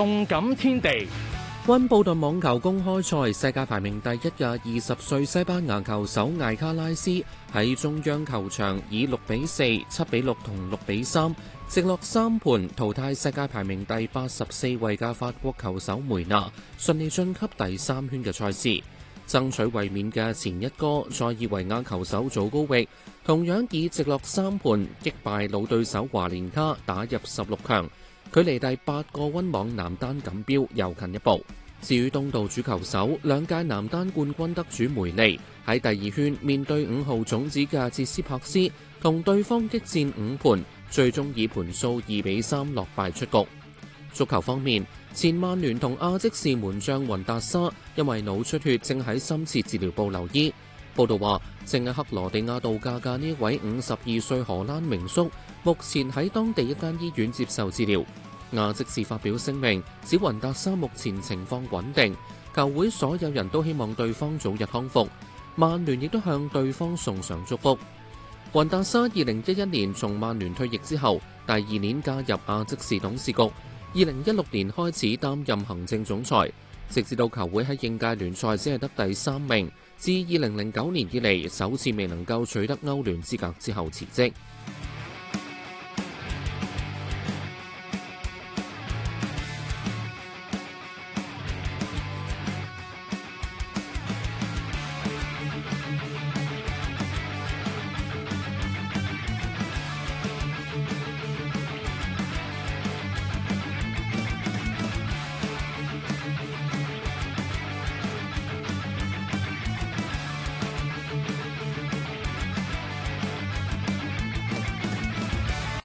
動感天地，溫布頓網球公開賽世界排名第一嘅二十歲西班牙球手艾卡拉斯喺中央球場以六比四、七比六同六比三，直落三盤淘汰世界排名第八十四位嘅法國球手梅娜，順利晉級第三圈嘅賽事，爭取衛冕嘅前一哥塞爾維亞球手祖高域，同樣以直落三盤擊敗老對手華連卡，打入十六強。距離第八個溫網男單錦標又近一步。至於東道主球手、兩屆男單冠軍得主梅利，喺第二圈面對五號種子嘅捷斯帕斯，同對方激戰五盤，最終以盤數二比三落敗出局。足球方面，前曼聯同阿積士門將雲達沙因為腦出血，正喺深切治療部留醫。報道話，正係克羅地亞度假嘅呢位五十二歲荷蘭名宿，目前喺當地一間醫院接受治療。阿積士發表聲明，指雲達沙目前情況穩定，球會所有人都希望對方早日康復。曼聯亦都向對方送上祝福。雲達沙二零一一年從曼聯退役之後，第二年加入阿積士董事局，二零一六年開始擔任行政總裁。直至到球會喺應屆聯賽只係得第三名，自二零零九年以嚟首次未能夠取得歐聯資格之後辭職。